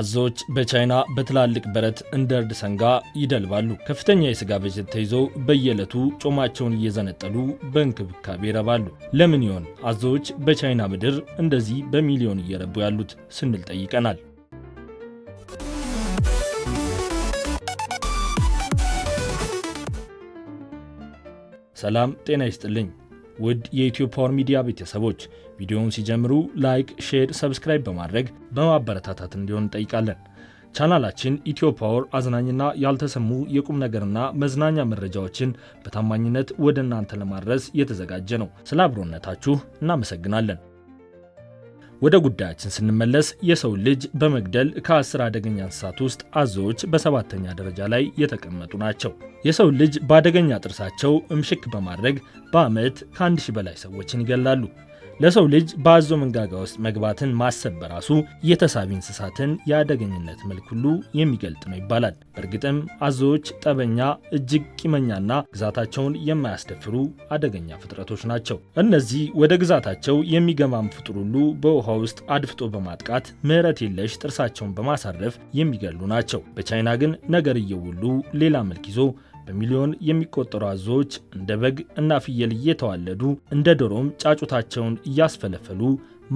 አዞዎች በቻይና በትላልቅ በረት እንደ እርድ ሰንጋ ይደልባሉ። ከፍተኛ የስጋ በጀት ተይዘው በየዕለቱ ጮማቸውን እየዘነጠሉ በእንክብካቤ ይረባሉ። ለምን ይሆን አዞዎች በቻይና ምድር እንደዚህ በሚሊዮን እየረቡ ያሉት ስንል ጠይቀናል። ሰላም ጤና ይስጥልኝ። ውድ የኢትዮ ፓወር ሚዲያ ቤተሰቦች ቪዲዮውን ሲጀምሩ ላይክ፣ ሼር፣ ሰብስክራይብ በማድረግ በማበረታታት እንዲሆን እንጠይቃለን። ቻናላችን ኢትዮ ፓወር አዝናኝና ያልተሰሙ የቁም ነገርና መዝናኛ መረጃዎችን በታማኝነት ወደ እናንተ ለማድረስ የተዘጋጀ ነው። ስለ አብሮነታችሁ እናመሰግናለን። ወደ ጉዳያችን ስንመለስ የሰው ልጅ በመግደል ከአስር አደገኛ እንስሳት ውስጥ አዞዎች በሰባተኛ ደረጃ ላይ የተቀመጡ ናቸው። የሰው ልጅ በአደገኛ ጥርሳቸው እምሽክ በማድረግ በዓመት ከአንድ ሺህ በላይ ሰዎችን ይገላሉ። ለሰው ልጅ በአዞ መንጋጋ ውስጥ መግባትን ማሰብ በራሱ የተሳቢ እንስሳትን የአደገኝነት መልክ ሁሉ የሚገልጥ ነው ይባላል። በእርግጥም አዞዎች ጠበኛ፣ እጅግ ቂመኛና ግዛታቸውን የማያስደፍሩ አደገኛ ፍጥረቶች ናቸው። እነዚህ ወደ ግዛታቸው የሚገማም ፍጡር ሁሉ በውሃ ውስጥ አድፍጦ በማጥቃት ምሕረት የለሽ ጥርሳቸውን በማሳረፍ የሚገሉ ናቸው። በቻይና ግን ነገርየው ሁሉ ሌላ መልክ ይዞ በሚሊዮን የሚቆጠሩ አዞዎች እንደ በግ እና ፍየል እየተዋለዱ እንደ ዶሮም ጫጩታቸውን እያስፈለፈሉ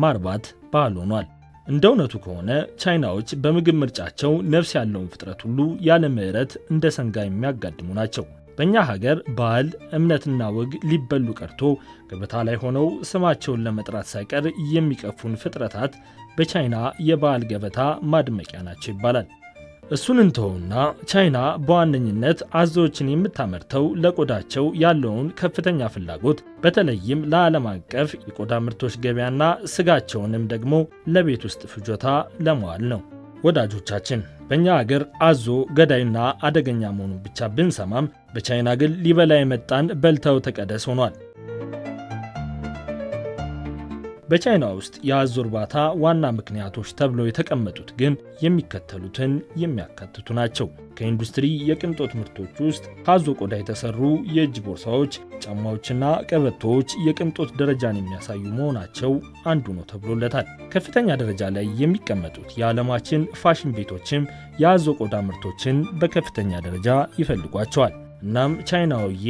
ማርባት ባህል ሆኗል። እንደ እውነቱ ከሆነ ቻይናዎች በምግብ ምርጫቸው ነፍስ ያለውን ፍጥረት ሁሉ ያለ ምዕረት እንደ ሰንጋ የሚያጋድሙ ናቸው። በእኛ ሀገር ባህል፣ እምነትና ወግ ሊበሉ ቀርቶ ገበታ ላይ ሆነው ስማቸውን ለመጥራት ሳይቀር የሚቀፉን ፍጥረታት በቻይና የባህል ገበታ ማድመቂያ ናቸው ይባላል። እሱን እንተውና ቻይና በዋነኝነት አዞዎችን የምታመርተው ለቆዳቸው ያለውን ከፍተኛ ፍላጎት በተለይም ለዓለም አቀፍ የቆዳ ምርቶች ገበያና ስጋቸውንም ደግሞ ለቤት ውስጥ ፍጆታ ለመዋል ነው። ወዳጆቻችን፣ በእኛ አገር አዞ ገዳይና አደገኛ መሆኑን ብቻ ብንሰማም በቻይና ግን ሊበላ የመጣን በልተው ተቀደስ ሆኗል። በቻይና ውስጥ የአዞ እርባታ ዋና ምክንያቶች ተብለው የተቀመጡት ግን የሚከተሉትን የሚያካትቱ ናቸው። ከኢንዱስትሪ የቅንጦት ምርቶች ውስጥ ከአዞ ቆዳ የተሰሩ የእጅ ቦርሳዎች፣ ጫማዎችና ቀበቶዎች የቅንጦት ደረጃን የሚያሳዩ መሆናቸው አንዱ ነው ተብሎለታል። ከፍተኛ ደረጃ ላይ የሚቀመጡት የዓለማችን ፋሽን ቤቶችም የአዞ ቆዳ ምርቶችን በከፍተኛ ደረጃ ይፈልጓቸዋል። እናም ቻይናውዬ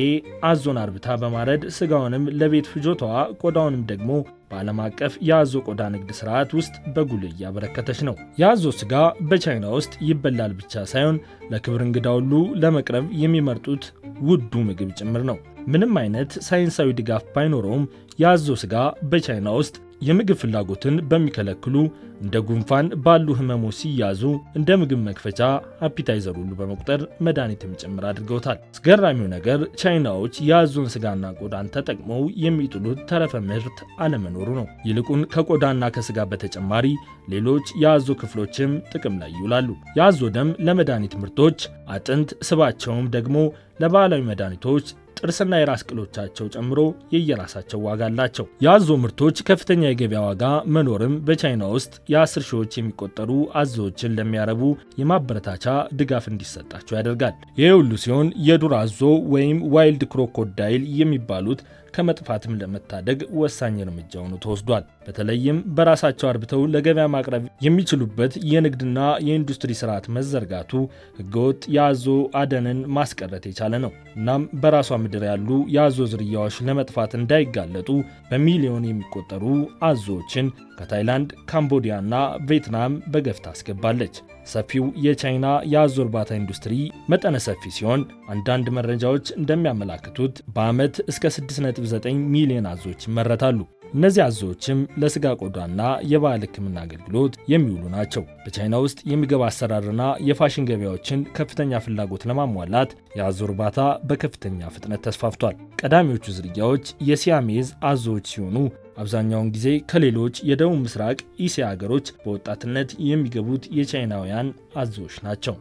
አዞን አርብታ በማረድ ስጋውንም ለቤት ፍጆታዋ ቆዳውንም ደግሞ በዓለም አቀፍ የአዞ ቆዳ ንግድ ስርዓት ውስጥ በጉል እያበረከተች ነው። የአዞ ስጋ በቻይና ውስጥ ይበላል ብቻ ሳይሆን ለክብር እንግዳ ሁሉ ለመቅረብ የሚመርጡት ውዱ ምግብ ጭምር ነው። ምንም አይነት ሳይንሳዊ ድጋፍ ባይኖረውም የአዞ ስጋ በቻይና ውስጥ የምግብ ፍላጎትን በሚከለክሉ እንደ ጉንፋን ባሉ ህመሞች ሲያዙ እንደ ምግብ መክፈቻ አፒታይዘር ሁሉ በመቁጠር መድኃኒትም ጭምር አድርገውታል። አስገራሚው ነገር ቻይናዎች የአዞን ስጋና ቆዳን ተጠቅመው የሚጥሉት ተረፈ ምርት አለመኖሩ ነው። ይልቁን ከቆዳና ከስጋ በተጨማሪ ሌሎች የአዞ ክፍሎችም ጥቅም ላይ ይውላሉ። የአዞ ደም ለመድኃኒት ምርቶች፣ አጥንት፣ ስባቸውም ደግሞ ለባህላዊ መድኃኒቶች ጥርስና የራስ ቅሎቻቸው ጨምሮ የየራሳቸው ዋጋ አላቸው። የአዞ ምርቶች ከፍተኛ የገበያ ዋጋ መኖርም በቻይና ውስጥ የአስር ሺዎች የሚቆጠሩ አዞዎችን ለሚያረቡ የማበረታቻ ድጋፍ እንዲሰጣቸው ያደርጋል። ይህ ሁሉ ሲሆን የዱር አዞ ወይም ዋይልድ ክሮኮዳይል የሚባሉት ከመጥፋትም ለመታደግ ወሳኝ እርምጃ ሆኖ ተወስዷል። በተለይም በራሳቸው አርብተው ለገበያ ማቅረብ የሚችሉበት የንግድና የኢንዱስትሪ ስርዓት መዘርጋቱ ህገወጥ የአዞ አደንን ማስቀረት የቻለ ነው። እናም በራሷ ምድር ያሉ የአዞ ዝርያዎች ለመጥፋት እንዳይጋለጡ በሚሊዮን የሚቆጠሩ አዞዎችን ከታይላንድ ካምቦዲያና ቬትናም በገፍታ አስገባለች። ሰፊው የቻይና የአዞ እርባታ ኢንዱስትሪ መጠነ ሰፊ ሲሆን አንዳንድ መረጃዎች እንደሚያመላክቱት በዓመት እስከ 6.9 ሚሊዮን አዞዎች ይመረታሉ። እነዚህ አዞዎችም ለስጋ ቆዳና የባህል ሕክምና አገልግሎት የሚውሉ ናቸው። በቻይና ውስጥ የምግብ አሰራርና የፋሽን ገበያዎችን ከፍተኛ ፍላጎት ለማሟላት የአዞ እርባታ በከፍተኛ ፍጥነት ተስፋፍቷል። ቀዳሚዎቹ ዝርያዎች የሲያሜዝ አዞዎች ሲሆኑ አብዛኛውን ጊዜ ከሌሎች የደቡብ ምስራቅ እስያ ሀገሮች በወጣትነት የሚገቡት የቻይናውያን አዞዎች ናቸው።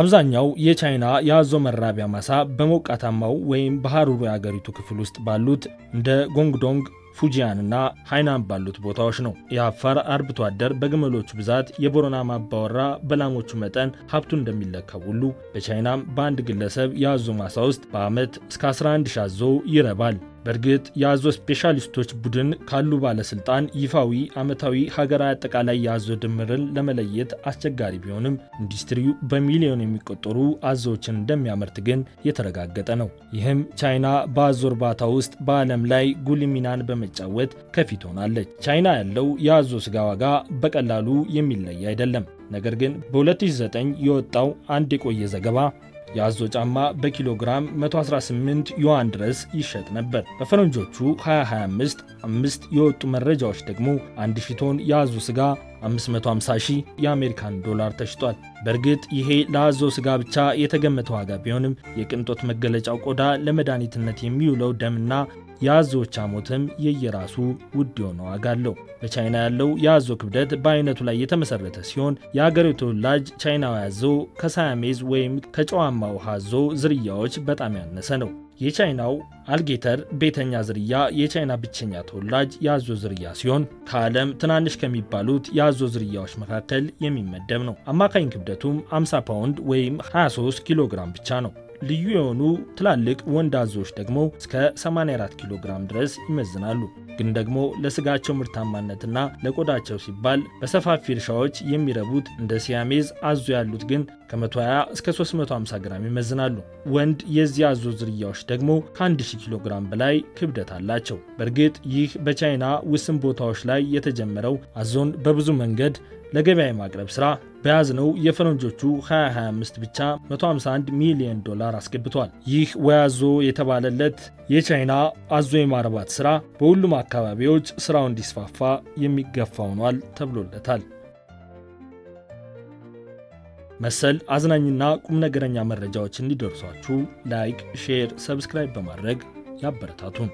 አብዛኛው የቻይና የአዞ መራቢያ ማሳ በሞቃታማው ወይም በሀሩሩ የአገሪቱ ክፍል ውስጥ ባሉት እንደ ጎንግዶንግ ፉጂያንና ሃይናን ባሉት ቦታዎች ነው። የአፋር አርብቶ አደር በግመሎቹ ብዛት የቦረና ማባወራ በላሞቹ መጠን ሀብቱ እንደሚለካው ሁሉ በቻይናም በአንድ ግለሰብ የአዞ ማሳ ውስጥ በዓመት እስከ 11 ሺ አዞ ይረባል። በእርግጥ የአዞ ስፔሻሊስቶች ቡድን ካሉ ባለስልጣን ይፋዊ ዓመታዊ ሀገራዊ አጠቃላይ የአዞ ድምርን ለመለየት አስቸጋሪ ቢሆንም ኢንዱስትሪው በሚሊዮን የሚቆጠሩ አዞዎችን እንደሚያመርት ግን የተረጋገጠ ነው። ይህም ቻይና በአዞ እርባታ ውስጥ በዓለም ላይ ጉልህ ሚናን በመጫወት ከፊት ሆናለች። ቻይና ያለው የአዞ ስጋ ዋጋ በቀላሉ የሚለይ አይደለም። ነገር ግን በ2009 የወጣው አንድ የቆየ ዘገባ የአዞ ጫማ በኪሎ ግራም 118 ዩዋን ድረስ ይሸጥ ነበር። በፈረንጆቹ 2025 አምስት የወጡ መረጃዎች ደግሞ 1000 ቶን የአዞ ስጋ 550 ሺህ የአሜሪካን ዶላር ተሽጧል። በእርግጥ ይሄ ለአዞ ስጋ ብቻ የተገመተ ዋጋ ቢሆንም የቅንጦት መገለጫው ቆዳ፣ ለመድኃኒትነት የሚውለው ደምና የአዞዎች አሞትም የየራሱ ውድ የሆነ ዋጋ አለው። በቻይና ያለው የአዞ ክብደት በአይነቱ ላይ የተመሰረተ ሲሆን የአገሬው ተወላጅ ቻይናዊ አዞ ከሳያሜዝ ወይም ከጨዋማ ውሃ አዞ ዝርያዎች በጣም ያነሰ ነው። የቻይናው አልጌተር ቤተኛ ዝርያ የቻይና ብቸኛ ተወላጅ የአዞ ዝርያ ሲሆን ከዓለም ትናንሽ ከሚባሉት የአዞ ዝርያዎች መካከል የሚመደብ ነው። አማካኝ ክብደቱም 50 ፓውንድ ወይም 23 ኪሎ ግራም ብቻ ነው። ልዩ የሆኑ ትላልቅ ወንድ አዞዎች ደግሞ እስከ 84 ኪሎ ግራም ድረስ ይመዝናሉ። ግን ደግሞ ለስጋቸው ምርታማነትና ለቆዳቸው ሲባል በሰፋፊ እርሻዎች የሚረቡት እንደ ሲያሜዝ አዞ ያሉት ግን ከ120 እስከ 350 ግራም ይመዝናሉ። ወንድ የዚህ አዞ ዝርያዎች ደግሞ ከ1000 ኪሎ ግራም በላይ ክብደት አላቸው። በእርግጥ ይህ በቻይና ውስን ቦታዎች ላይ የተጀመረው አዞን በብዙ መንገድ ለገበያ የማቅረብ ሥራ በያዝነው የፈረንጆቹ 2025 ብቻ 151 ሚሊዮን ዶላር አስገብቷል። ይህ ወያዞ የተባለለት የቻይና አዞ የማርባት ስራ በሁሉም አካባቢዎች ስራው እንዲስፋፋ የሚገፋ ሆኗል ተብሎለታል። መሰል አዝናኝና ቁም ነገረኛ መረጃዎች እንዲደርሷችሁ ላይክ፣ ሼር፣ ሰብስክራይብ በማድረግ ያበረታቱን።